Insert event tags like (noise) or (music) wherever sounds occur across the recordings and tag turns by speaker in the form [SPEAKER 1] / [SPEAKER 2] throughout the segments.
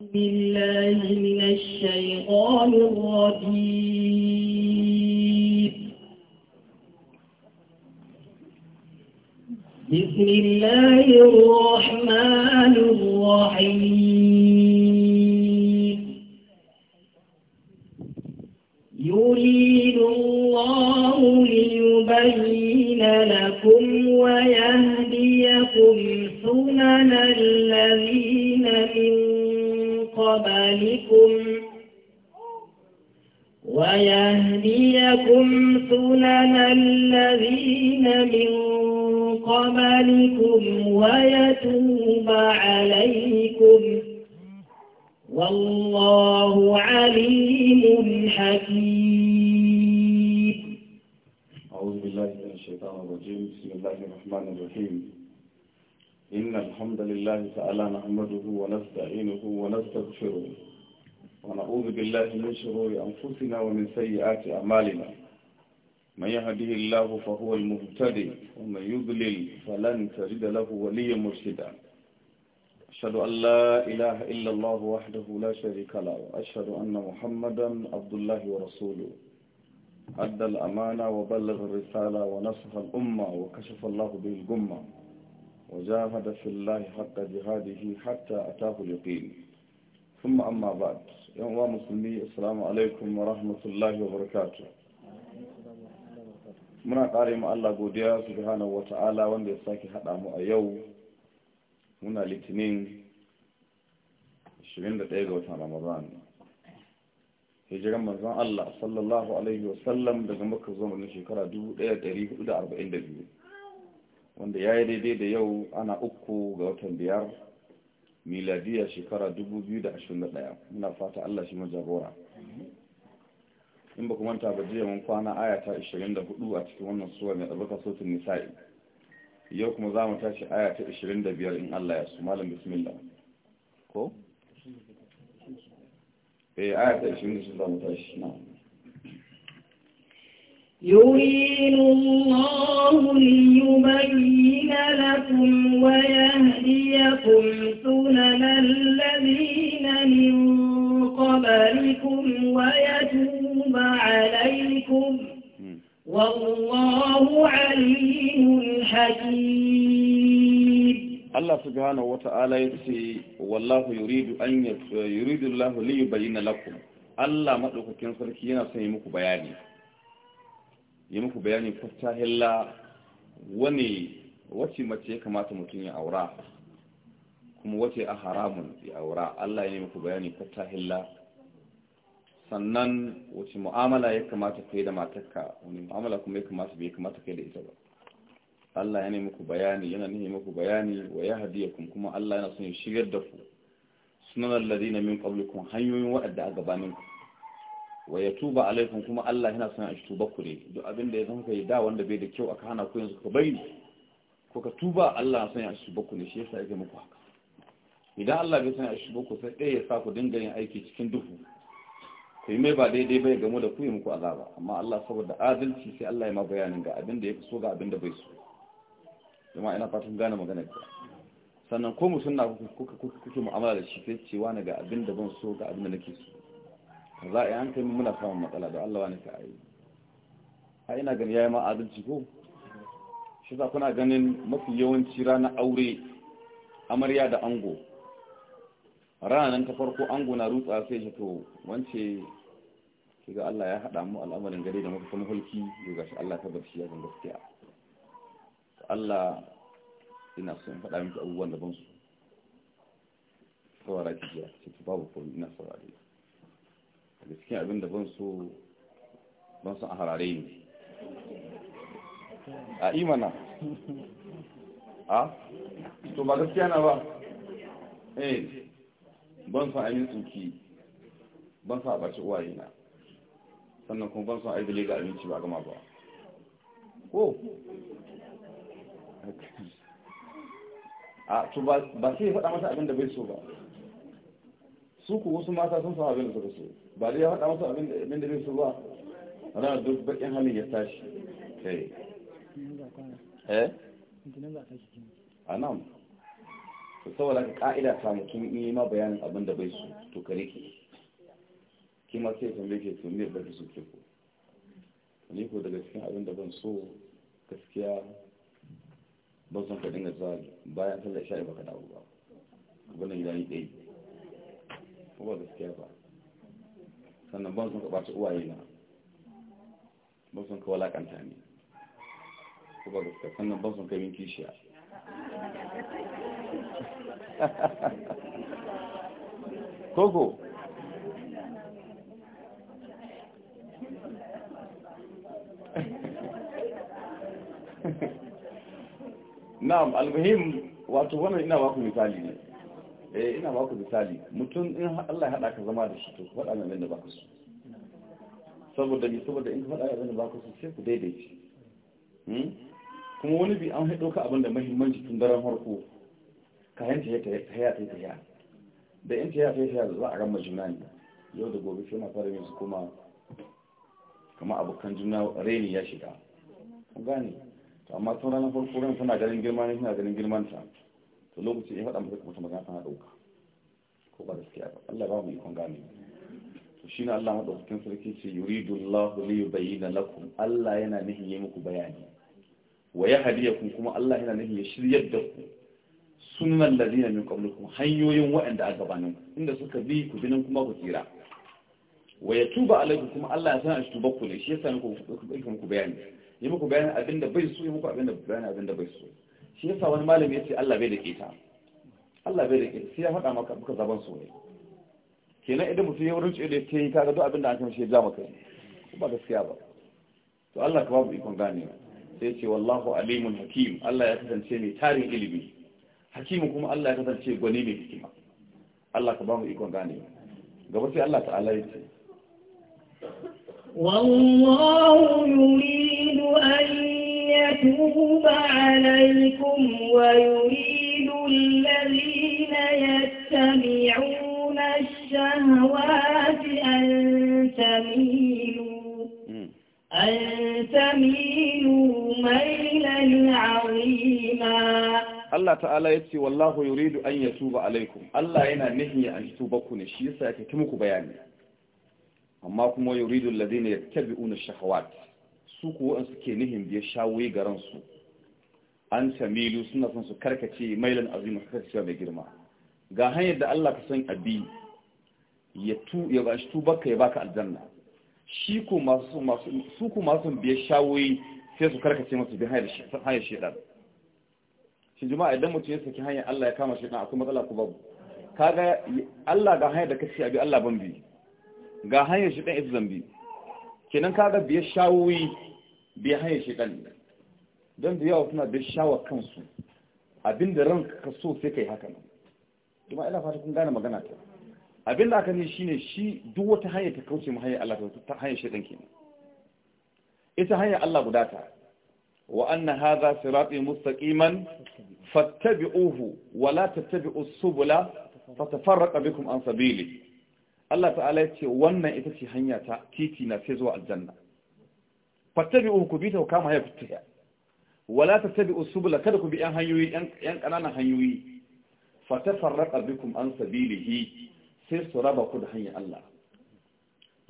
[SPEAKER 1] بالله من الشيطان الرجيم بسم الله الرحمن الرحيم يريد الله ليبين لكم ويهديكم سنن قبلكم ويهديكم سنن الذين من قبلكم ويتوب عليكم والله عليم حكيم
[SPEAKER 2] أعوذ بالله من الشيطان الرجيم بسم الله الرحمن الرحيم إن الحمد لله تعالى نحمده ونستعينه ونستغفره ونعوذ بالله من شرور أنفسنا ومن سيئات أعمالنا من يهده الله فهو المهتدي ومن يضلل فلن تجد له وليا مرشدا أشهد أن لا إله إلا الله وحده لا شريك له وأشهد أن محمدا عبد الله ورسوله أدى الأمانة وبلغ الرسالة ونصح الأمة وكشف الله به الجمة وجاهد في الله حق جهاده حتى أتاه اليقين ثم أما بعد يوم مسلمي السلام عليكم ورحمة الله وبركاته muna ƙare ma Allah godiya subhanahu wata'ala wanda ya sake haɗa mu a yau muna litinin 21 ga watan ramadan hijiran manzon Allah sallallahu alaihi wasallam daga makka zuwa na shekara 1442 wanda ya yi daidai da yau ana uku ga watan biyar miladiya shekara 2021 muna fata Allah shi majagora in ba kuma ta bajiya mun kwana aya ta 24 a cikin wannan suwa mai albarka sautin nisa'i yau kuma za mu tashi aya ta 25 in Allah ya su malam bismillah ko? eh aya ta 26 za mu tashi na'am
[SPEAKER 1] يريد الله ليبين لكم ويهديكم سنن الذين من قبلكم ويتوب عليكم والله عليم حكيم
[SPEAKER 2] الله سبحانه وتعالى يقول والله يريد أن يريد الله ليبين لكم الله مدعوك كنصرك ينصيمك بياني yi muku bayanin faftahilla wani wace mace ya kamata mutum ya aura kuma wace a haramun ya aura Allah ya yi muku bayanin faftahilla sannan wace mu'amala ya kamata kai da matarka wani mu'amala kuma ya kamata bai kamata kai da ita ba Allah ya yi muku bayani yana nihi muku bayani wa ya hadiyakum kuma Allah yana son shigar da ku sunan alladhina min qablikum hanyoyin waɗanda a gabaninku wa ya tuba alaikum kuma Allah yana son a shi tuba ku ne duk abin da ya zama kai da wanda bai da kyau aka hana ku yanzu ka bari ko ka tuba Allah yana son a shi tuba ku ne shi yasa yake muku haka idan Allah bai son a shi tuba ku sai ɗaya ya sa ku dinga yin aiki cikin duhu ku yi mai ba daidai bai game da ku yi muku azaba amma Allah saboda adalci sai Allah ya ma bayanin ga abin da ya fi so ga abin da bai so jama'a ina fatan gane magana ka sannan ko mu sunna kuke mu'amala da shi sai cewa ne ga abin da ban so ga abin da nake so za yi an kai muna samun matsala da Allah wani ka ayi ha ina gani yayi ma adalci ko shi za kuna ganin mafi yawanci rana aure amarya da ango ranar ta farko ango na rutsa sai shi to wance ga Allah ya haɗa mu al'amarin gari da muka kuma hulki yau gashi Allah ta bar shi ya zan gaskiya Allah ina son faɗa miki abubuwan da ban su saurara ki ya ce babu ko ina saurari. da cikin abin da ban so ban so a harare ne a imana a to ba gaskiya na ba eh ban so a yi tsuki ban so a ɓaci uwaye na sannan kuma ban so a yi bile ga abinci ba gama ba ko a to ba sai ya faɗa mata abin da bai so ba su ku wasu mata sun samu abin da suka so ba dai ya faɗa musu abin da bai so ba ana duk bakin halin ya tashi kai eh. eh a nan to saboda ka ka'ida ta mutum in yi ma bayanin abin da bai so to ka rike kima sai tambaye ke to me ba ki so ke ko ni ko daga cikin abin da ban so gaskiya ba san ka dinga zuwa bayan sallar sha'i ka dawo ba wannan gidani ɗaya ko da suke ba sannan ban sun kaɓarci ɓaci uwaye na ban sun kawo walakanta ne ko da suke sannan ban sun ka min kishiya (laughs) koko (laughs) na'am almuhim wato wannan ina ba ku misali ne eh ina ba ku misali mutum in Allah ya hada ka zama da shi to faɗa mai abin da ku so saboda ni saboda in ka faɗa abin da ku so sai ku daidaice hmm? kuma wani bi an haɗo ka abin da tun daren harko ka yanta ya ta ya ta haya da yanta ya ta ya za a ramma juna ne yau da gobe sai na fara yin su kuma kamar abokan juna reni ya shiga kun gane to amma tun ranar farko ran tana ganin girma ne tana ganin girman ta to lokaci ya faɗa masa maka wata magana tana ɗauka ko ba gaskiya ba Allah ba mu ikon gane to shi ne Allah madaukakin sarki ce yuridu Allah li yubayyana lakum Allah yana nihin yi muku bayani wa ya yahdiyakum kuma Allah yana nihin ya shiryar da ku sunan ladina min qablikum hanyoyin waɗanda a gabanin inda suka bi ku binin kuma ku tsira wa ya tuba alaikum kuma Allah ya san a tuba ku ne shi yasa muku muku bayani yi muku bayani abinda bai so yi muku abinda bayani abinda bai so shi yasa wani malami ya ce Allah bai da keta Allah bai da keta sai ya faɗa maka buka zaban su ne kenan idan mutum ya wurin tsaye da ya yi kaga duk abin da an kama shi ya ja maka ba gaskiya ba to Allah ka babu ikon gane sai ce wallahu alimun hakim Allah ya kasance mai tarin ilimi hakimu kuma Allah ya kasance gwani mai hikima Allah ka babu ikon gane gaba sai Allah ta'ala ya ce
[SPEAKER 1] wallahu yuridu an يتوب عليكم ويريد الذين يتبعون الشهوات أن تميلوا أن تميلوا ميلا عظيما
[SPEAKER 2] Allah ta'ala ya ce wallahu yuridu an yatuba alaikum Allah yana nihi ya tuba ku ne shi yasa yake ku bayani amma kuma yuridu alladhina yattabi'una ash-shahawat su kuwa suke nihin biyar shawoyi ga ransu an samilu suna son su karkace mailan su karkacewa mai girma ga hanyar da Allah ka san abi ya tu ya bashi ka ya baka aljanna shi ko masu masu su ko masu biyar shawoyi sai su karkace masu bi hanyar hanyar shedan shi jama'a idan mutum ya saki hanyar Allah ya kama shedan akwai matsala ku babu kaga Allah ga hanyar da kace abi Allah ban bi ga hanyar shedan ita zambi kenan kaga biyar shawoyi biyar hanyar shekan don da yawa suna biyar shawa kansu abinda ran ka so sai ka yi haka nan kuma ina fata kun gane magana ta abinda aka ne shine shi duk wata hanyar ta kauce mu hanyar Allah ta ta hanyar shekan kenan ita hanyar Allah guda ta wa anna hadha sirati mustaqiman fattabi'uhu wa la tattabi'us subula fatafarraqa bikum an sabili Allah ta'ala ya ce wannan ita ce hanya ta titi na sai zuwa aljanna fattabi'u ku bi ta ku kama ya fitiya wala tattabi'u subula kada ku bi yan hanyoyi yan kananan hanyoyi fatafarraqa bikum an sabilihi sai su raba ku da hanyar Allah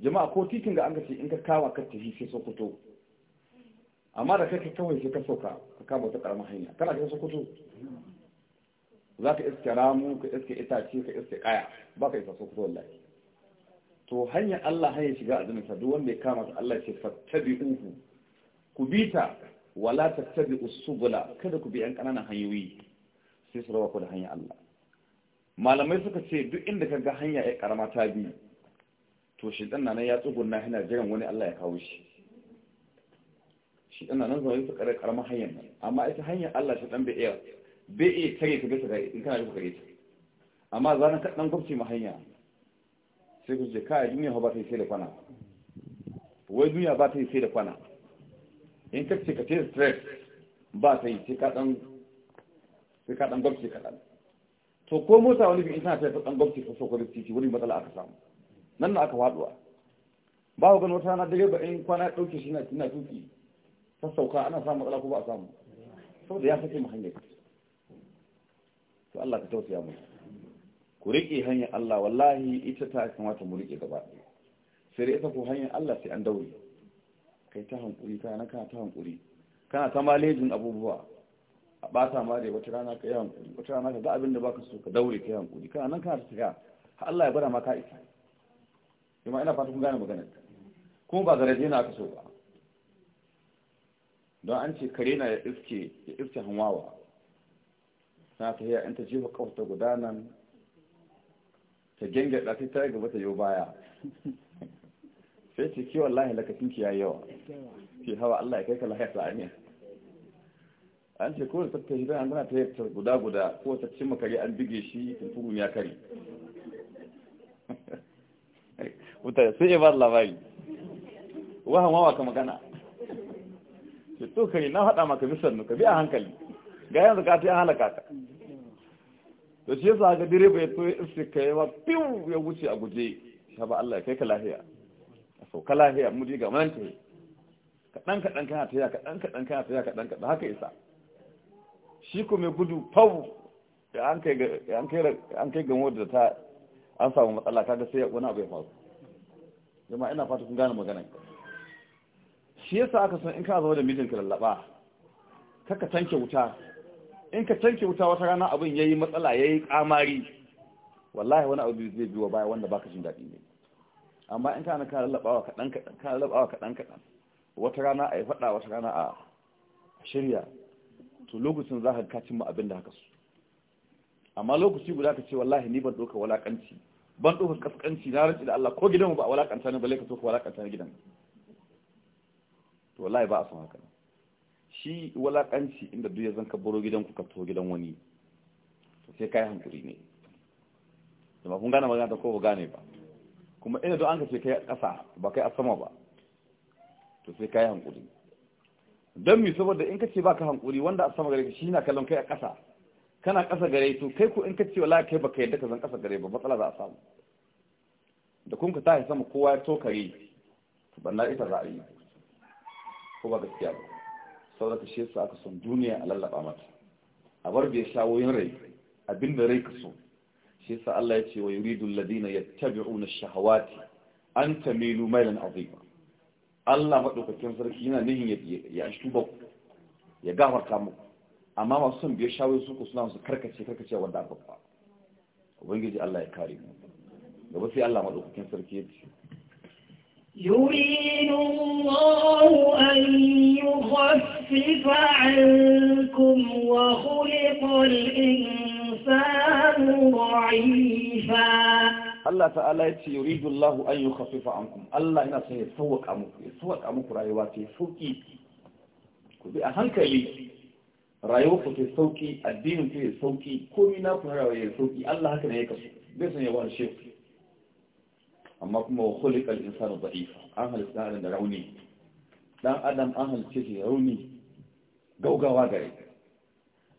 [SPEAKER 2] jama'a ko titin ga an ka ce in ka kawa ka tafi sai sokoto amma da kai kawai sai ka sauka ka kama wata karamar hanya kana kai sokoto za ka iske ramu ka iske itace ka iske kaya ba ka isa sokoto wallahi to hanyar Allah hanyar shiga azuminsa duk wanda ya kama ta Allah ce fattabi'uhu ku bi ta wala tattabi'u subula kada ku bi yan kananan hanyoyi sai su rawa ku da hanyar Allah malamai suka ce duk inda ka ga hanya ya karama ta bi to shi dan nan ya tsugunna hina jiran wani Allah ya kawo shi shi dan nan zai su kare karama hanyar nan amma ita hanyar Allah shi dan bai iya bai iya kare ka bisa ga in kana da kare ta amma zan ka dan gwamnati ma hanya sai ku ce kai duniya ba ta yi sai da kwana wai duniya ba ta yi sai da kwana in ka ce ka ce stress ba ta yi sai ka dan sai ka dan kaɗan to ko mota wani bi in tana ta dan gwabce ta sokori titi wani matsala aka samu nan na aka faduwa ba ku gano wata na dage ba in kwana ya ɗauke shi na tuki ta sauka ana samu matsala ko ba a samu saboda ya sake mu hanyar to Allah ka tausaya mu ku riƙe hanyar Allah wallahi ita ta kamata mu riƙe gaba ɗaya sai da ita ku hanyar Allah sai an daure kai ta hankuri na kana ta hankuri kana ta malejin abubuwa a ɓata ma dai wata rana ka yi hankuri wata rana ka ga abin da baka so ka daure ka yi hankuri kana nan kana ta tafiya har Allah ya bara ma ka isa kuma ina fata kun gane maganar kuma ba garaje na aka so ba don an ce kare na ya iske ya iske hanwawa na ta hiyar in ta jefa kawata gudanar. ta gengada sai ta gaba ta yau baya sai ce ki wallahi lakacin ki yi yawa ce hawa Allah ya kai ka lahaya ta amin an ce kowace ta hidar an gana ta yi guda guda kowace cin makari an bige shi tuntugun ya kare (laughs) wuta sai ya bar labari wahan wawa ka magana ce to kare na haɗa maka bisan nuka bi a hankali ga yanzu ka ta yi halaka ka to shi yasa ga direba ya to kai ya piu ya wuce a guje ta ba Allah ya kai ka lahiya a sauka lahiya mu je ga man ta kaɗan kaɗan kana ta ya kaɗan kaɗan kana ta ya kaɗan kaɗan haka isa shi ko mai gudu pau da an kai an kai ga da ta an samu matsala kaga sai wani abu ya faru jama'a ina fata kun gane maganar shi yasa aka san in ka zama da mijinka lallaba kaka tanke wuta in ka canke wuta wata rana abin yayi matsala yayi kamari wallahi wani abu zai biyo baya wanda baka jin daɗi ne amma in kana ka lallabawa kaɗan kaɗan ka lallabawa kaɗan wata rana a yi faɗa wata rana a shirya to lokacin za ka kacin ma abin da haka su amma lokaci guda ka ce wallahi ni ban ɗauka walaƙanci ban doka ƙasƙanci na rantsi da Allah ko mu ba a walaƙanta ne balle ka to ka walaƙanta ne gidan to wallahi ba a son haka shi walakanci inda duk ya zanka baro gidan ku ka to gidan wani to sai kai hankuri ne kuma kun gane magana ta ko ba gane ba kuma inda duk an ka ce kai kasa ba kai a sama ba to sai kai hankuri don mi saboda in ka ce baka hankuri wanda a sama gare ka shi na kallon kai a kasa kana kasa gare to kai ko in ka ce wala kai baka yadda ka zan kasa gare ba matsala za a samu da kun ka tashi sama kowa ya tokare to banna ita za a yi ko ba gaskiya ba saboda shi yasa aka son duniya a lallaba mata a bar bai shawoyin rai abinda rai ka so shi yasa Allah ya ce wa yuridu alladhina yattabi'una ash-shahawati an tamilu mailan azima Allah madaukakin sarki yana nihin ya shuba ya gafarta muku amma masu son biyar shawoyin su ku suna su karkace karkace wanda aka fa ubangiji Allah ya kare mu gaba sai Allah madaukakin sarki ya ce
[SPEAKER 1] يريد الله أن يخفف عنكم وخلق الإنسان ضعيفا
[SPEAKER 2] الله تعالى يريد الله أن يخفف عنكم الله هنا سيسوق أمك يسوق أمك رأيواتي سوقي كبي أهنك لي rayuwarku ta sauki addinin ta sauki komi na ku rawa ya sauki Allah haka ne ya kasu bai san ya wani amma kuma wa khuliqal insanu da'ifa an halitta da rauni dan adam an halice shi rauni gaugawa gare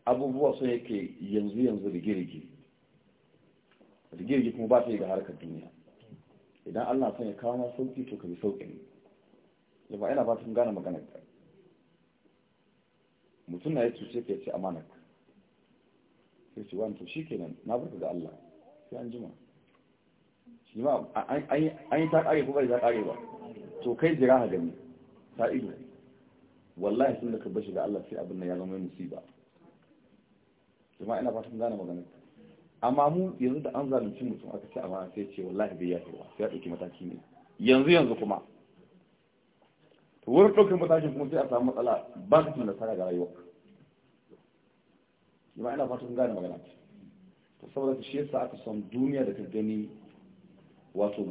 [SPEAKER 2] abubuwa sun yake yanzu yanzu rigirgi rigirgi kuma ba ta yi ga harkar duniya idan Allah son ya kawo ma sauki to ka bi ne ya ba ina ba ta gane magana ka mutum na ya cuce ka ya ce amanar ka sai ce wani to shi kenan na barka ga Allah sai an jima shi ma an yi ta kare kuma bai ta kare ba to kai jira ha gani ta ido wallahi sun da ka bashi ga Allah sai abin nan ya zama musiba jama'a ina fatan gane magana amma mu yanzu da an zalunci mutum aka ce amma sai ce wallahi bai yafe ba sai ya ɗauki mataki ne yanzu yanzu kuma to wurin ɗaukar matakin kuma sai a samu matsala ba ka cin nasara ga rayuwa jama'a ina fatan gane magana to saboda shi yasa aka san duniya da ka gani wato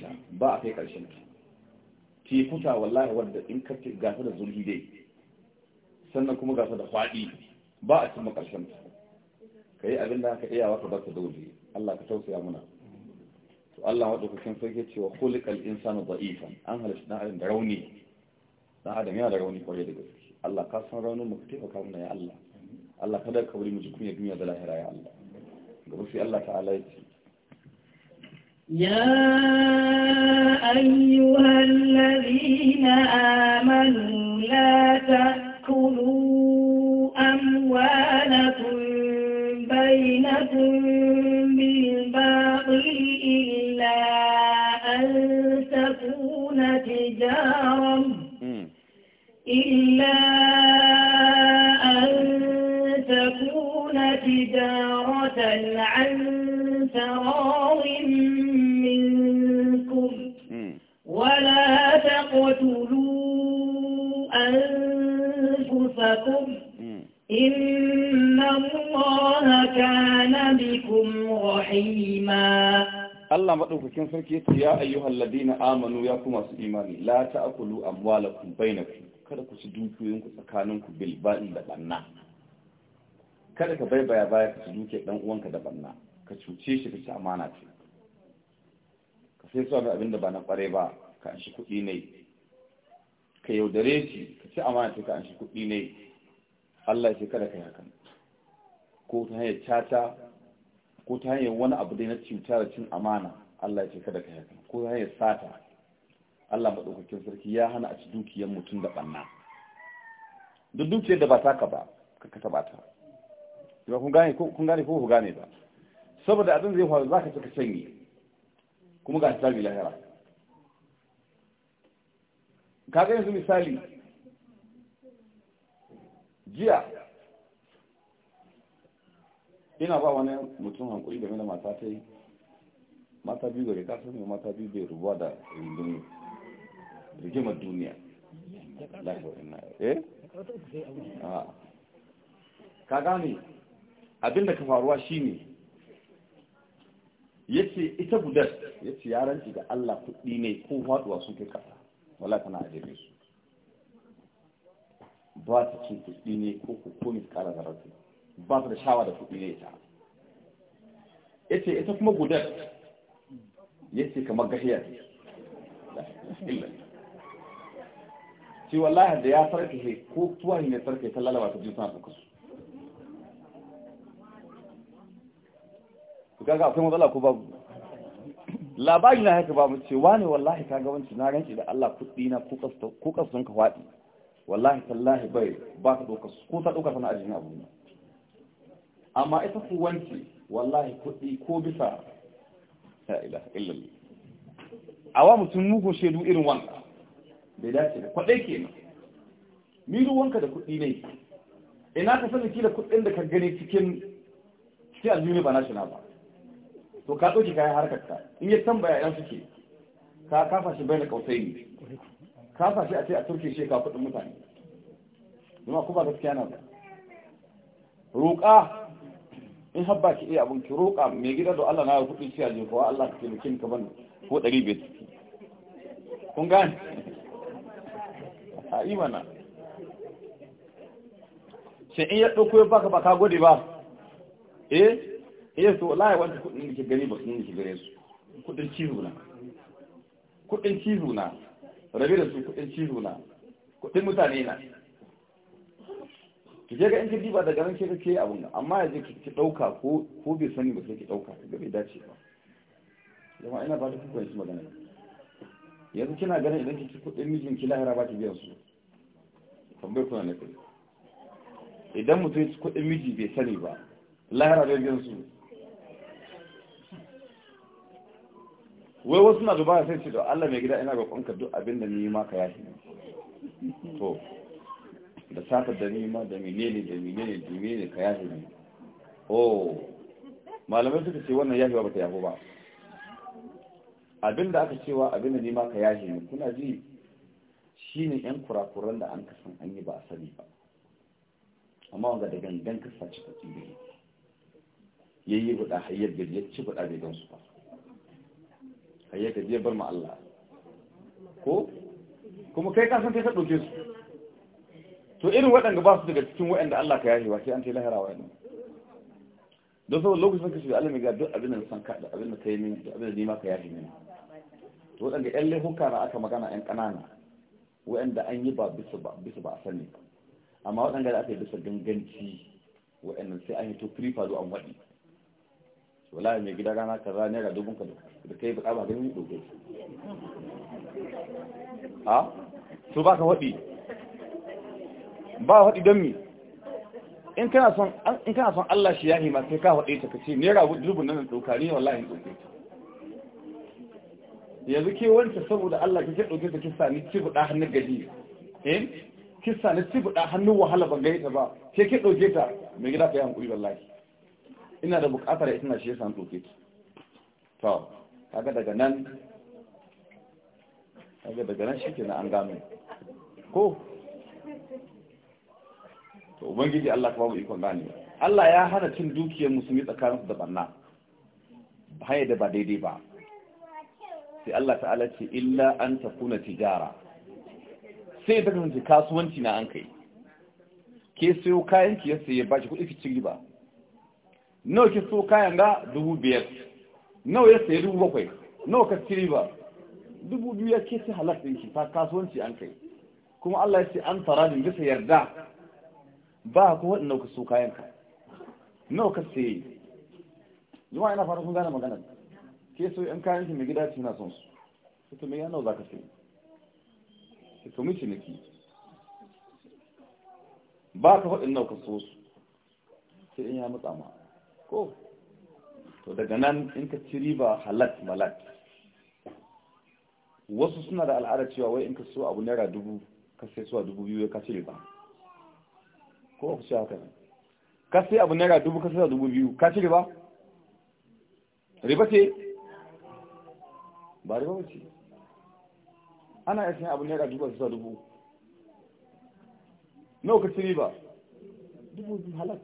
[SPEAKER 2] ta ba a kai karshen ta tekuta wallahi wadda in ka gasa da zurfi dai sannan kuma gasa da faɗi ba a cimma karshen ta ka yi abin da aka iya wata ba ta daure Allah ka tausaya muna to Allah wadda sai ke cewa kulikal insanu da'ifan an halitta na adam da rauni dan adam yana da rauni kwarai da gaske Allah ka san raunin mu ka taimaka muna ya Allah Allah kada ka bari mu ji kunya duniya da lahira ya Allah gaba sai Allah ta'ala ya ce
[SPEAKER 1] يا أيها الذين آمنوا لا تأكلوا أموالكم بينكم بالباطل إلا أن تكون تجارا إلا أن تكون تجارة عن ترى
[SPEAKER 2] madaukakin sarki yace ya ayyuhal ladina amanu ya kuma su imani la ta'kulu amwalakum bainakum kada ku ci dukiyoyin ku tsakanin ku bil ba'in da banna kada ka baibaya baya ka ci dukiyar dan uwanka da banna ka cuce shi ka ci amana ce ka sai su abin da ba na kware ba ka an shi kuɗi ne ka yaudare shi ka ci amana ce ka an shi kuɗi ne Allah ya ce kada kai hakan ko ta hanyar cata ko ta hanyar wani abu dai na cuta da cin amana Allah ya ce kada ka haka ko ya sata Allah maɗaukakin sarki ya hana a ci dukiyar mutum da ɓanna duk dukiyar da ba taka ba ka ba ta ba kun gane ko ku gane ba saboda abin zai faru za ka saka sanyi kuma ga hisabi lahira ka ga yanzu misali jiya ina ba wani mutum hankuri game da mata ta yi mata biyu gari kasar ne mata biyu bai rubuwa da rindin rigimar duniya eh? ah. ka gane abinda ka faruwa shi ne ya ce ita budar ya ce yaranci ga Allah kuɗi ne ko faɗuwa sun kai kasa wala tana ajiye su ba ta ce kuɗi ne ko ne kara zarafi ba ta da shawa da kuɗi ne ta ya ce ita kuma budar yake kamar gahiya shi wallahi da ya sarkace ko tuwa ne sarkace ta lalawa ta jinsa ta kasu ku kaga akwai matsala ko babu labari na haka babu ce wani wallahi kaga wanci na ranci da Allah kuɗi na ko kasu sun ka faɗi wallahi tallahi bai ba ka ɗaukar ko ta ɗaukar sana ajiyar abu amma ita kuwanci wallahi kuɗi ko bisa la ilaha illallah awa mutum muku shaidu irin wanka bai dace da kwaɗai ke nan miru wanka da kuɗi ne ina ka sani kila kuɗin da ka gani cikin cikin aljuni ba nashi na ba to ka ɗauki kayan harkar ka in ya tambaya yan suke ka kafa shi bai da kausai ne kafa shi a ce a turke shi ka kuɗin mutane zama kuma gaskiya na ba roƙa in har ba ki iya abin ki roƙa mai gida da Allah na ya kuɗi shi a kowa Allah ke mukin ka ban ko ɗari bai ciki kun gane a imana sai in ya ɗauko ya baka ba ka gode ba eh eh so la ya kuɗin da ke gani ba sun yi gare su kuɗin cizo na kuɗin cizo na rabe da su kuɗin cizo na kuɗin mutane na ki je ga in ki diba daga nan ke kake abun nan amma yaje ki dauka ko ko bai sani ba sai ki dauka ga bai dace ba jama'a ina ba da kuka yi magana yanzu kina ganin idan ki ci kudin mijin ki lahira ba ki biyan su tambayar kuna ne kai idan mutum ya ci kudin miji bai sani ba lahira bai biyan su wai wasu na dubara sai ce da Allah mai gida ina ga kwanka duk abin da ni maka yashi to da safa da nima da menene da menene da menene ka yafe ne oh malamai suka ce wannan yafewa ba ta yafo ba abinda aka cewa abinda nima ka yafe ne kuna ji shine yan kurakuran da an kasan an yi ba a sani ba amma wanda da gangan ka ci kuɗi ne yayi guda hayyar gari ya ci guda bai gansu ba hayyar gari ya bar ma Allah ko kuma kai kasan kai ka ɗauke su to irin waɗanda ba su daga cikin waɗanda Allah ka yahewa sai an ta yi lahira wa don saboda lokacin ka shiga Allah mai ga duk abin da san ka da abin da ka yi min da abin da nima ka yahe mini to waɗanda ƴan laifuka na aka magana ƴan ƙanana waɗanda an yi ba bisa ba a sani amma waɗanda da aka yi bisa ganganci waɗanda sai an yi to firi faru an waɗi wallahi mai gida rana kaza ga dubun ka da kai ba ba ganin dogai ha to ka waɗi ba haɗi don mi in kana son Allah shi yahi ma sai ka haɗe ta kace naira dubu nan ɗauka ne wallahi ɗauke ta yanzu ke wancan saboda Allah kake ɗauke ta kisa ni ci buɗa hannun gaji eh kisa ni ci buɗa hannun wahala ban gani ta ba ke ke ɗauke ta mai gida ka yi hankuri wallahi ina da buƙatar ita na shi yasa ɗauke ta to kaga daga nan kaga daga nan shi ke na an gano ko to ubangiji Allah ka ba mu ikon gane Allah ya hana cin dukiyar musulmi tsakaninsu da banna haya da ba daidai ba sai Allah ta'ala ce illa an takuna tijara sai da kasance kasuwanci na an kai ke sayo kayan ki yasa ya baki kuɗi ki riba nawa ki so kayan ga dubu biyar nawa ya sayi dubu bakwai nawa ka ci riba dubu biyu ya ke sai halar ɗin ki ta kasuwanci an kai kuma Allah ya ce an fara din bisa yarda ba ku waɗanda ka so kayan ka nawa ka saye zuwa yana faru sun gane magana ke so yan kayan ki mai gida ce na son su su to ya nawa za ka sai su to mice niki ba ka waɗanda nau'ka su su sai in ya matsa ma ko to daga nan in ka ci riba halat malat wasu suna da al'ada cewa wai in ka so abu naira dubu ka sai suwa dubu biyu ka ci riba ko ku ce haka ne ka sai abu naira dubu ka sai dubu biyu ka ci riba riba ce ba riba ba ce ana iya sayan abu naira dubu ka sai dubu nawa ka ci riba
[SPEAKER 1] dubu biyu halat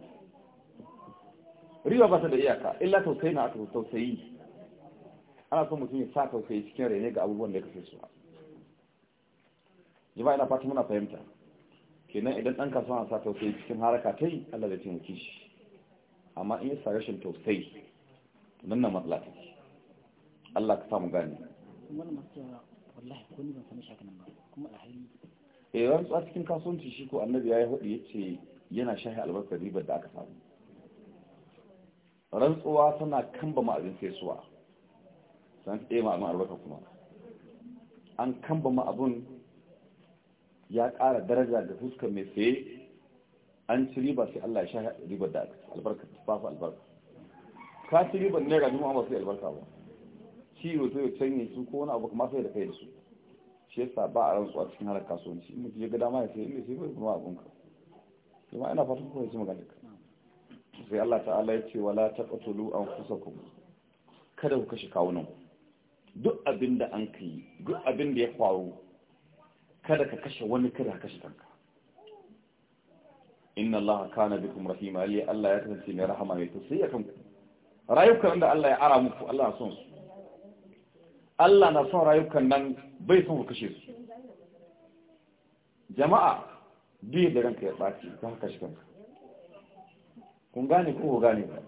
[SPEAKER 2] riba ba ta da iyaka illa tausayi na aka tausayi ana son mutum ya sa tausayi cikin rene ga abubuwan da ya kashe su jima'a ina fata muna fahimta kenan idan ɗan kasuwa na sa tausayi cikin haraka ta yi Allah zai taimake shi amma in yasa rashin tausayi nan na matsala ce Allah ka samu gani e eh, Rantsuwa cikin kasuwanci shi ko annabi yayi hudu ce yana shahi albarkar ribar da aka samu rantsuwa tana kamba ma abin sai suwa san tsaye ma abin kuma an kamba ma abun ya ƙara daraja da fuskar mai tsaye. an ci riba sai Allah ya sha ribar da albarka tufafa albarka ka ci da naira dubu amma sai albarka ba shi wato ya canye su ko wani abu kuma sai da kai da su shi yasa ba a a cikin halar kasuwanci in mutu ya ga dama ya sai in sai bai kuma abun ka kuma ina fatan kuma ya ci magana ka sai Allah ta'ala ya ce wala taqtulu anfusakum kada ku kashe kawunan duk abin da an kai duk abin da ya faru kada ka kashe wani kada ka kashe kanka inna Allah kana bikum rahima li Allah ya kasance mai rahama mai tausayi akan kanku. rayukan da Allah ya ara muku Allah na son su Allah na son rayukan nan bai son ku kashe su jama'a duk da ranka ya baci ka kashe kanka kun gane ko ku gane ba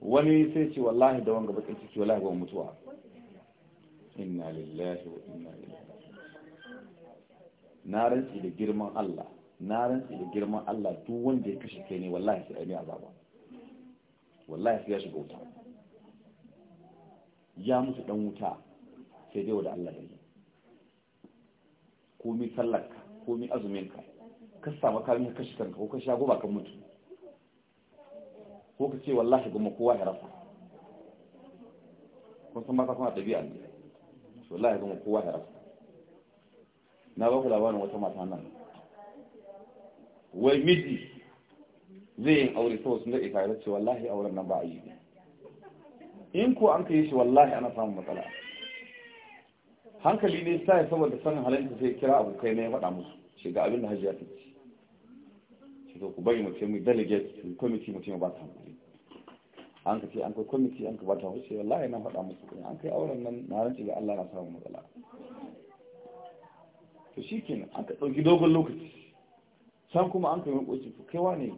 [SPEAKER 2] wani sai ce wallahi da wanga bakin ciki wallahi ba mutuwa inna lillahi wa inna ilaihi na rantsi da girman Allah na rantsi da girman Allah duk wanda ya kashe kai ne wallahi sai ai azaba wallahi sai ya shiga wuta ya musu dan wuta sai dai wanda Allah ya yi komi sallarka komi azuminka ka samu kayan ka kashe kanka ko ka shago ba kan mutu ko ka ce wallahi goma kowa ya rasa kun san ka kuma ɗabi'a ne wallahi goma kowa ya rasa na ba ku labarin wata mata nan wai miji zai yin aure saboda sun da ikayar ce wallahi auren nan ba a yi in ko an kai shi wallahi ana samun matsala hankali ne sai saboda sanin halayen sai kira abokai na ya faɗa musu shiga abin da hajiya ta ce shi to ku bari mutum mu delegate mu kwamiti mutum ba ta hankali an ka ce an kai kwamiti an ka ba ta wuce wallahi na faɗa musu an kai auren nan na rance ga Allah na samun matsala to shi ke an ka ɗauki dogon lokaci san kuma an ka yi makocin to kaiwa ne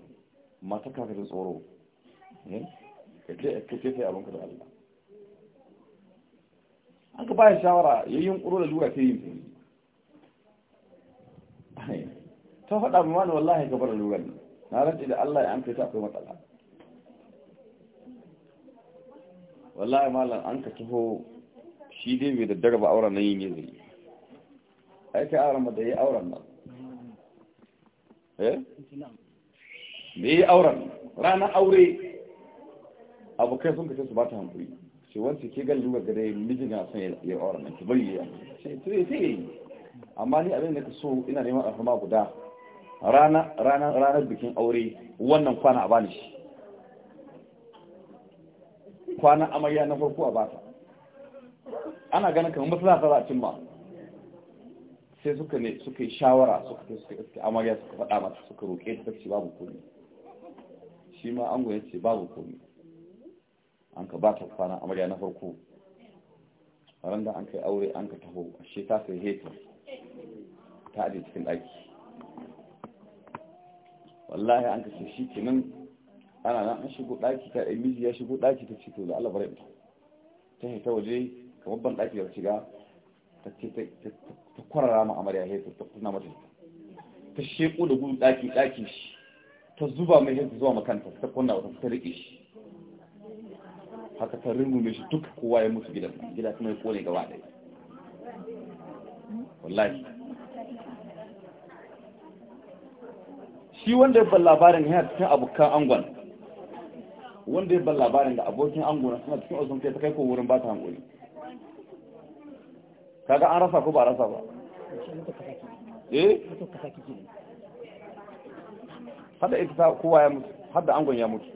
[SPEAKER 2] mata ka da tsoro eh? ka ce sai abinka da Allah an ka bayan shawara ya yi da duka ta yi fili eh. ta faɗa mai wani wallahi gabar lugar na rantsi da Allah ya an kai ta akwai matsala wallahi malar an ka taho shi dai mai daddara ba auren nan yin yi zai aiki auren da ya yi auren nan eh? da ya auren ranar aure abokai sun kace su ba ta hankuri ce wance ke gan lura ga mijin na son ya auren nan ki bari ya ce eh, sai sai yi amma ni abin da ka so ina neman alfama guda ranar bikin aure wannan kwana a bani shi kwana amarya na farko a bata ana ganin kamar masu za a cimma sai suka ne suka yi shawara suka kai suka iske amarya suka faɗa mata suka roƙe ta ce babu komi shi ma an ya ce babu komi an ka ba ta kwana amarya na farko ran da an kai aure an ka taho ashe ta sai heta ta aje cikin ɗaki wallahi an ka ce shi ke nan ana nan an shigo ɗaki ta ɗan miji ya shigo ɗaki ta ce to da Allah bare ta ta hita waje kamar ban ɗaki ya shiga ta ce ta ta kwarara ma amarya haifu ta kuna mata ta sheku da gudu daki daki shi ta zuba mai haifu zuwa makanta ta kuna wata ta rike shi haka ta mai shi duka kowa ya mutu gidan gida kuma ya kone gaba ɗaya wallahi shi wanda ya ban labarin ya cikin abokan angon wanda ya ban labarin da abokin angon suna cikin ozon ta kai ko wurin ba ta hankali kaga an rasa ko ba rasa ba eh hada ita ta kowa ya mutu hada angon ya mutu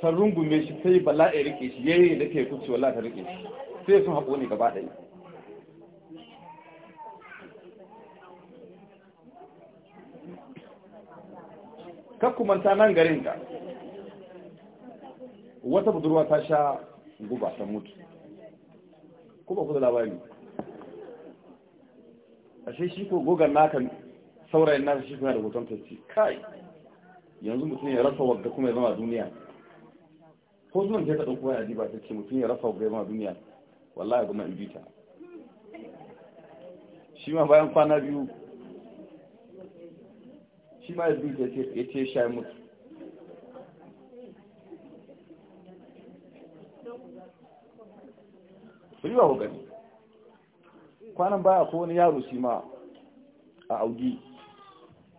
[SPEAKER 2] ta rungume shi sai bala'i rike shi yayi da ke kuce wallahi ta rike shi sai sun hako ne gaba
[SPEAKER 3] ɗaya kumanta nan garin ka wata
[SPEAKER 2] budurwa ta sha guba ta mutu ko ba ku da labari ashe shi ko gogar naka saurayin nasa shi kuna da hoton tafi kai yanzu mutum ya rasa wadda kuma ya zama duniya ko zuwan ta ɗauko ji ba, ta ce mutum ya rasa wadda ya zama duniya wallahi kuma in bita shi ma bayan kwana biyu shi ma ya bita ya ce shayi mutu ku yi wa gani kwanan baya ko wani yaro shi ma a auge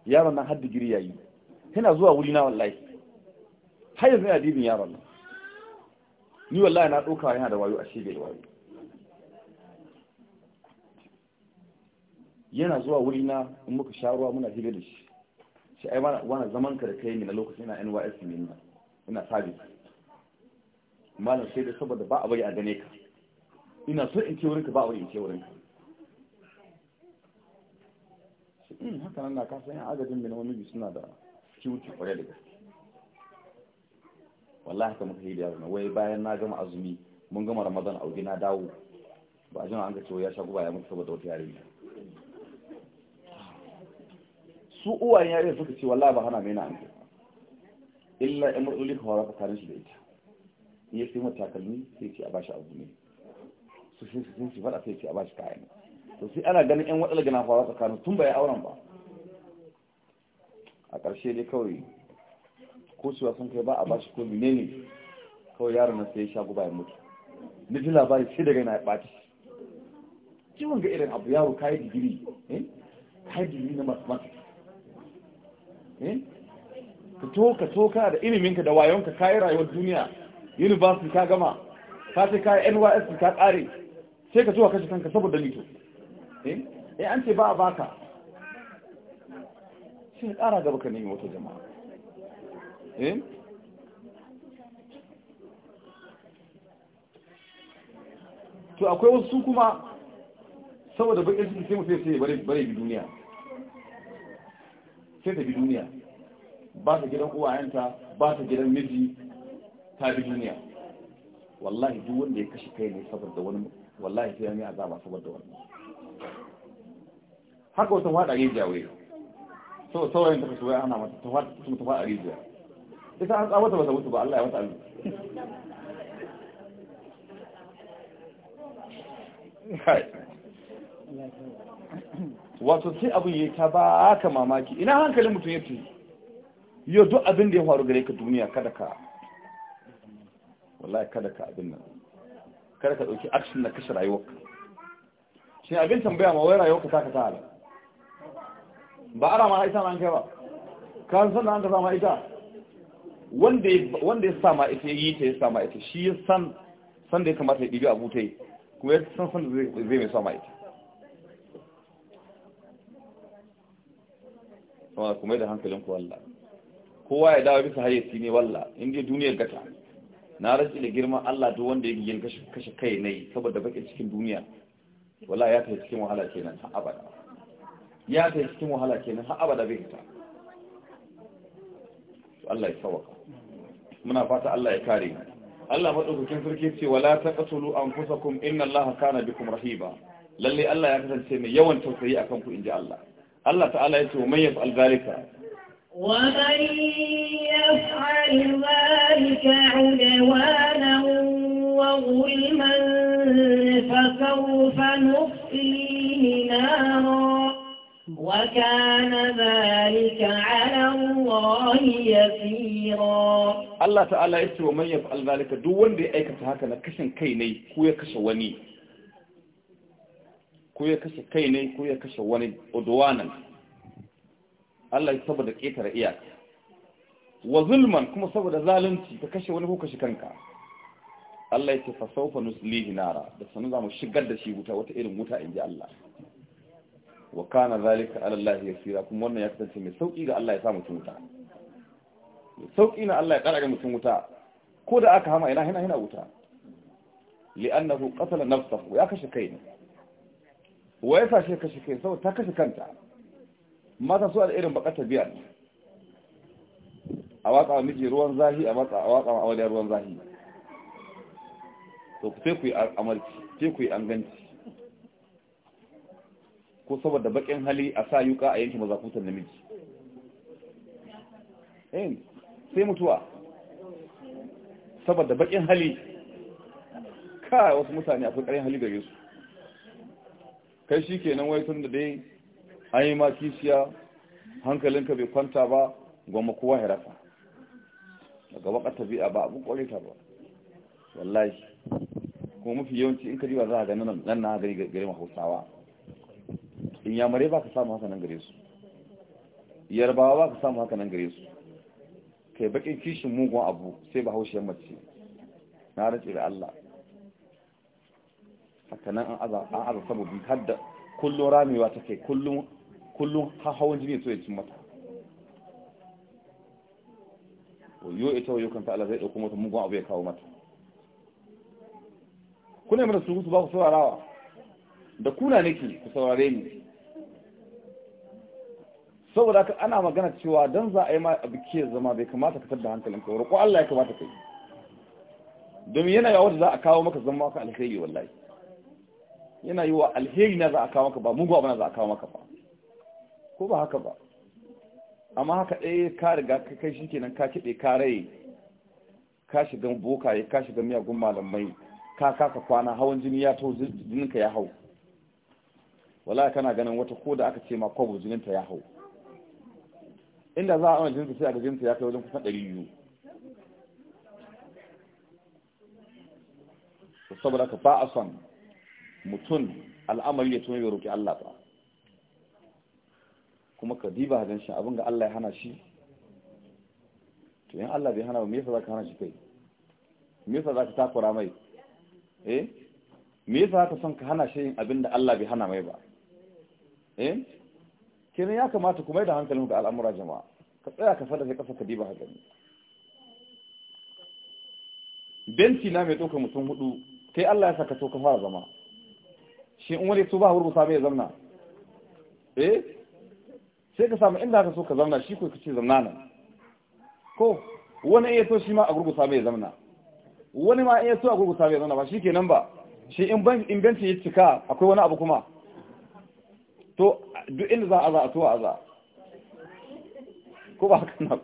[SPEAKER 2] yaron nan har digiri yayi yana zuwa wuri na wallahi har yanzu yana dibin yaron nan ni wallahi na ɗauka yana da wayo a shege da wayo yana zuwa wuri na in muka sha ruwa muna hira da shi shi ai wani zaman ka da kai ne na lokacin ina NYS ne ina sabis malam sai da saboda ba a bai a gane ka ina so in ce ka ba aure in ka wurinka in haka nan na kasa yin agajin bin mamiji suna da kiwuki kwarai da gaske wallahi haka muka yi da yarona wai bayan na gama azumi mun gama ramadan auge na dawo ba a jima an ga cewa ya sha guba ya mutu saboda wata yarinya su uwayen yare suka ce wallahi ba hana mai na an ce illa imar ulika wara fakarin shi da ita in ya fi matakalmi sai ce a bashi abu ne su shi su shi faɗa sai ce a bashi kayan to sai ana ganin yan waɗanda gana faruwa tsakanin tun bai auren ba a ƙarshe dai kawai ko su sun kai ba a bashi, ko ko menene kawai yaron na sai ya sha mutu Nufin ji labari sai daga yana ya ɓaci ciwon ga irin abu yaro kayi digiri eh kayi digiri na mathematics eh ka to ka to ka da iliminka da wayonka kayi rayuwar duniya university ka gama ka ce kayi NYSC ka ƙare sai ka zuwa kashe kanka saboda mito eh? eh an ce ba a baka sai ƙara gaba ka nemi wata jama'a eh to akwai wasu kuma saboda bakin ciki sai mu sai bare bare bi duniya sai ta bi duniya ba ta gidan uwayenta ba ta gidan miji ta bi duniya wallahi duk wanda ya kashe kai ne saboda wani wallahi sai ne azaba saboda wannan haka wata wada rijiya wai so saurayin ta kasu wai ana mata ta wada ta wada rijiya ita an tsawata ba ta ba Allah ya mata alu wato sai abin yi ta ba ka mamaki ina hankalin mutum ya ce yau duk abin da ya faru gare ka duniya kada ka wallahi kada ka abin nan kada ka ɗauki action na kashe rayuwarka shi abin tambaya ma wai rayuwarka ta ka tsara ba ara ma isa na an kai ba ka san da an ka sama ita wanda wanda ya sama ita ya yi ta ya sama ita shi ya san san da ya kamata ya ɗibi abu ta yi kuma ya san san da zai mai sama ita kuma da hankalin ku wallah kowa ya dawo bisa hayyaci ne wallah inda duniyar gata na rantsi da girman Allah duk wanda yake yin kashe kai ne saboda bakin cikin duniya wala ya kai cikin wahala kenan har abada ya kai cikin wahala kenan har abada bai fita Allah ya sauka muna fata Allah ya kare mu Allah madaukakin sarki ce wala taqtulu anfusakum inna Allaha kana bikum rahiba lalle Allah ya kasance mai yawan tausayi akan ku inji Allah Allah ta'ala ya ce wa man al zalika
[SPEAKER 1] ومن يفعل ذلك عدوانا وظلما فسوف نصليه نارا وكان ذلك على الله يسيرا
[SPEAKER 2] الله تعالى يسر ومن يفعل ذلك دون دي ايكت هكذا كشن كيني كوية كشواني كوية كشن كيني كوية كشواني عدوانا Allah ya saboda ƙetare iyaka wa zulman kuma saboda zalunci ka kashe wani ko kashe kanka Allah ya ce fa sawfa nuslihi nara da sanu za mu shigar da shi wuta wata irin wuta inji Allah wa kana zalika ala Allah yasira kuma wannan ya kasance mai sauki ga Allah ya sa mutum wuta sauki na Allah ya kara ga mutum wuta ko da aka hama ina hina hina wuta li'annahu qatala nafsahu ya kashe kai ne wa yasa shi kashe kai saboda ta kashe kanta mata su da irin bakar tabiya a watsa wa miji ruwan zahi a watsa wa aure ruwan zahi to ku ku yi amarki ce ku yi ganci ko saboda bakin hali a sa yuka a yanke mazakutan namiji eh sai mutuwa saboda bakin hali kai wasu mutane akwai karin hali gare su kai shi kenan wai tun da dai an yi ma hankalinka bai kwanta ba goma kowa ya rafa daga baka tabi'a ba abin kwarita ba wallahi kuma mafi yawanci in ka ba za a gani nan na gari gari mahausawa in yamare ba ka samu haka nan gare su yarbawa ba ka samu haka nan gare su kai bakin kishin mugun abu sai ba haushe mace na rantsi da Allah haka nan an aza saboda har da kullum ramewa ta kai kullum kullum hawan jini so ya cin mata yo ita wayo kanta Allah zai dauko mata mugun abu ya kawo mata kuna mana su su ba ku saurarawa da kuna nake ku saurare ni saboda ka ana magana cewa dan za a yi ma ya zama bai kamata ka tada hankalin ka roƙo Allah ya kamata kai domin yana yawa da za a kawo maka zama ka alheri wallahi yana yi wa alheri na za a kawo maka ba mugun abu na za a kawo maka ba ko ba haka ba amma haka ɗaya eh, ka riga ka kai shi kenan ka kiɗe ka rai ka shiga bokaye ka shiga miyagun malamai ka kasa kwana hawan jini ya to jininka ya hau wala kana ganin wata ko da aka ce ma kwabo jininta ya hau inda za a wani jininta sai aka jininta ya kai wajen kusan ɗari yiwu saboda ka ba a son mutum al'amari ya tuni bai roƙi Allah ba kuma ka diba gan shi abin ga Allah ya hana shi to yin Allah bai hana ba me yasa zaka hana shi kai me yasa zaka takura mai eh me yasa zaka son ka hana shi yin abin da Allah bai hana mai ba eh kenan ya kamata kuma da hankalin ga al'amura jama'a ka tsaya ka fada sai kafa ka diba haka ne benci na mai ɗaukar mutum hudu kai Allah ya saka to ka fara zama shi in wani so ba hurbu sa bai zanna eh sai ka samu inda ka so ka zamna shi ko ka ce zamna nan ko wani iya so shi ma a gurgusa mai zamna wani ma iya so a gurgusa mai zamna ba shi kenan ba shi in benci ya cika akwai wani abu kuma to duk inda za a za a to a za ko ba haka na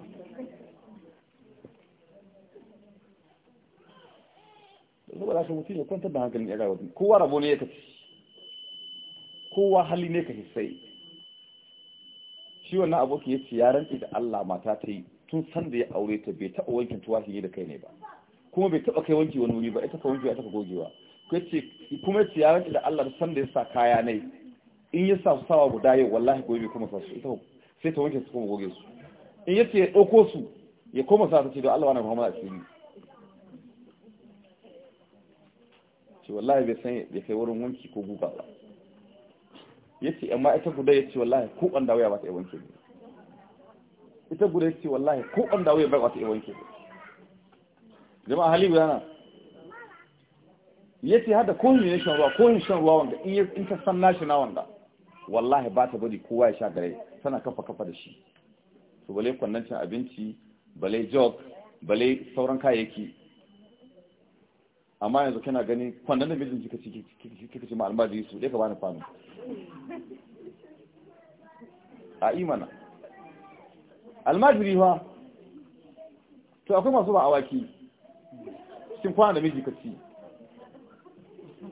[SPEAKER 2] zuwa da shi mutum ya kwantar da hankali ya gawa kowa rabo ne ya kafi kowa hali ne ka hissai shi wannan aboki ya ce ya rantsi da Allah mata ta yi tun san da ya aure ta bai taɓa wankin tuwashi ne da kai ne ba kuma bai taɓa kai wanki wani wuri ba ita ka wanki ita ka gogewa kuma ya ce ya rantsi da Allah san da ya sa kaya ne in ya sa su sawa guda yau wallahi gobe bai kuma sa su ita sai ta wanke su kuma goge su in ya ce ya ɗauko su ya koma sa ta ce don Allah wani Muhammad a cikin ce wallahi bai san ya kai wurin wanki ko guga ba yace amma ita guda yace wallahi ko an dawo ya ba ta wanke ne ita guda yace wallahi ko an dawo ya ba ta wanke ne jama'a hali bayana yace hada ko hin ne shan ruwa ko hin shan ruwa wanda in in ta san nashi na wanda wallahi ba ta bari kowa ya sha gare tana kafa kafa da shi to balai kwannan cin abinci balai jog balai sauran kayayyaki amma yanzu kana gani kwandon da mijin kika kika ce ma'alma da yusuf dai ka bani kwano a imana almajiri fa to akwai masu ba awaki cikin kwana da mijin ka ci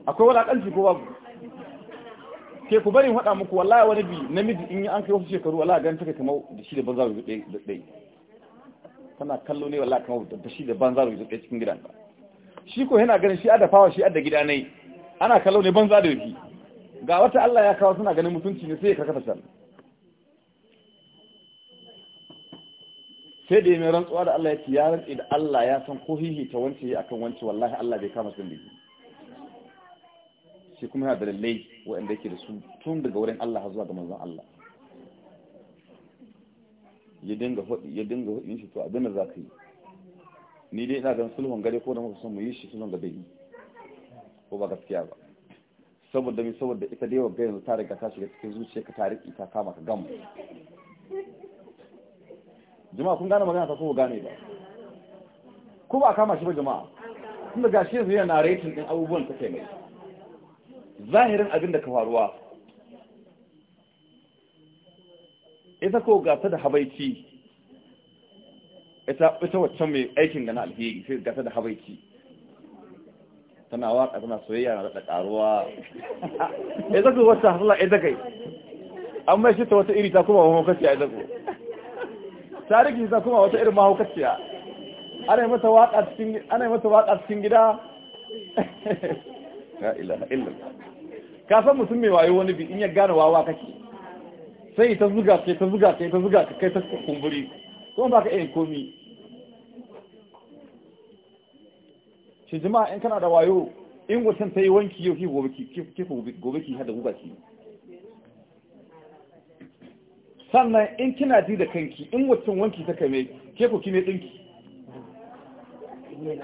[SPEAKER 2] akwai wadatanci ko babu
[SPEAKER 3] ke ku bari faɗa
[SPEAKER 2] muku wallahi wani bi namiji in yi an kai wasu shekaru wallahi gan take kamar da shi da banza da ɗai tana kallo ne wallahi kamar da shi da banza da ɗai cikin gidan shi ko yana ganin shi ada fawa shi ada gida ne ana kallo ne banza da yake ga wata Allah ya kawo suna ganin mutunci ne sai ya karkata can sai da ya mai rantsuwa da Allah ya ce ya rantsi da Allah ya san ko ta wance ya akan wance wallahi Allah bai kama sun biki shi kuma yana dalilai waɗanda yake da su tun daga wurin Allah har zuwa ga manzon Allah ya dinga hudu ya dinga hudu shi to abin da za ka yi ni dai ina ganin sulhun gare ko da muka san mu yi shi sulhun gare ko ba gaskiya ba saboda mi saboda ita dai wagga yanzu ta riga ta shiga cikin zuciya ka ta riƙi ta kama ka gama jama'a kun gane magana ta ko gane ba
[SPEAKER 3] ko ba kama shi ba jama'a kuma
[SPEAKER 2] gashi yanzu yana rating din abubuwan ta kai mai zahirin abin da ka faruwa ita ko gasa da habaici ita wacce mai aikin gana alheri sai gata da habaiki tana waka tana soyayya na da karuwa ya zaku wata hasala ya an mai shi ta wata iri ta kuma mahaukaciya ya zaku tarihi ta kuma wata iri mahaukaciya ana yi mata waka cikin ana yi mata waka cikin gida (laughs) ka san mutum mai wayo wani bi in ya gane wawa kake sai ta zuga ce ta zuga ce ta zuga ce kai ta kumburi kuma ba ka iya komi shi jima'a in kana da wayo in wasan ta yi wanki yau ki gobe ki gobe ki hada guga ki sannan in kina ji da kanki in wasan wanki ta kame ke ku kime dinki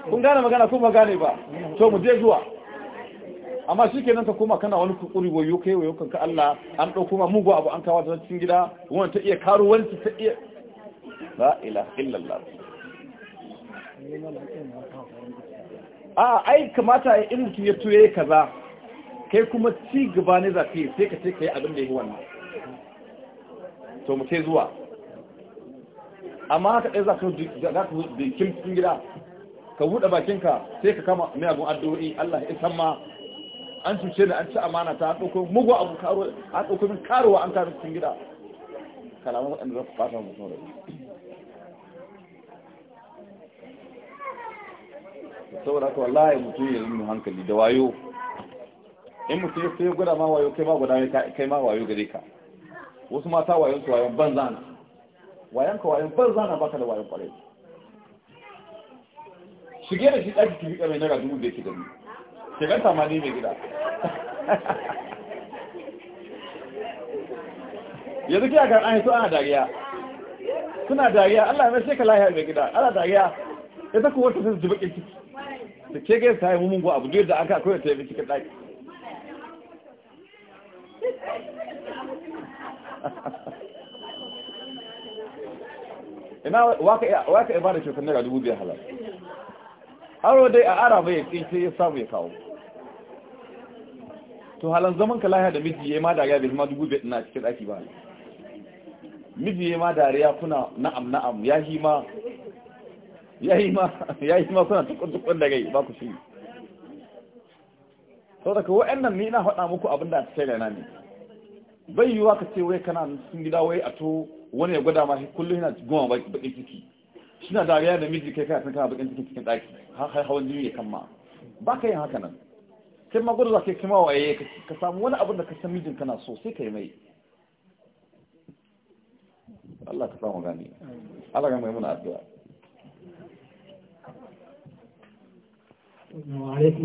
[SPEAKER 3] kun gane magana ko gane ba to mu je zuwa amma shi ke
[SPEAKER 2] nan ka koma kana wani kukuri wayo kai wayo kanka Allah an ɗauko ma mugu abu an kawo ta cikin gida wani ta iya karuwanci ta iya la ilaha illallah a ai kamata ya irin ya tuye kaza kai kuma ci gaba ne zafi sai ka ce kai abin da yake wannan to mu sai zuwa amma haka ɗaya za ka bikin cikin gida ka bakin bakinka sai ka kama abun addu'o'i Allah ya san ma an cuce da an ci amana ta ɗauko mugu abu karo a ɗauko min karowa an ta cikin gida kalaman waɗanda za su fata mutum da
[SPEAKER 3] saboda haka wallahi mutum ya yi hankali da wayo
[SPEAKER 2] in mutum ya sai gwada ma wayo kai ma gwada kai ma wayo gare ka wasu mata wayon su wayon banza na wayon ka wayon banza na baka da wayon kwarai shige da shi ɗaki kifi ƙarfi naira dubu da yake gani shigar ne mai gida
[SPEAKER 3] (laughs) yanzu kiyar kan an su ana dariya suna dariya allah ya
[SPEAKER 2] mai shekala ya mai gida ana dariya ya zaka kuwa ta sai jibakin ciki da ke gaisa ta haihu mungu abu da aka kawai ta yi cikin ɗaki
[SPEAKER 3] (laughs)
[SPEAKER 2] ina waka ibada kyautar naira dubu biyar halar aro dai a araba ya tsince ya samu ya kawo to halar zaman ka lahiya da miji ya ma dariya bai zama dubu biyar na cikin ɗaki ba miji ya ma dariya kuna na'am na'am ya hima. ma yayi ma yayi ma kuna tukun da gai ba ku shi sau daga wa'annan ni na faɗa muku abinda da a cikin rana ne bai yiwuwa ka ce wai kana sun gida wai a to wani ya gwada ma kullum yana goma bakin ciki shi na dariya da miji kai kai sun kana bakin cikin cikin ɗaki har hawan jini ya kama ba ka yin haka nan sai ma gwada za ka yi kima wa ka samu wani abin da ka san mijin kana so sai ka yi mai Allah ka samu gani Allah ga mai muna addu'a
[SPEAKER 3] 那么，而且。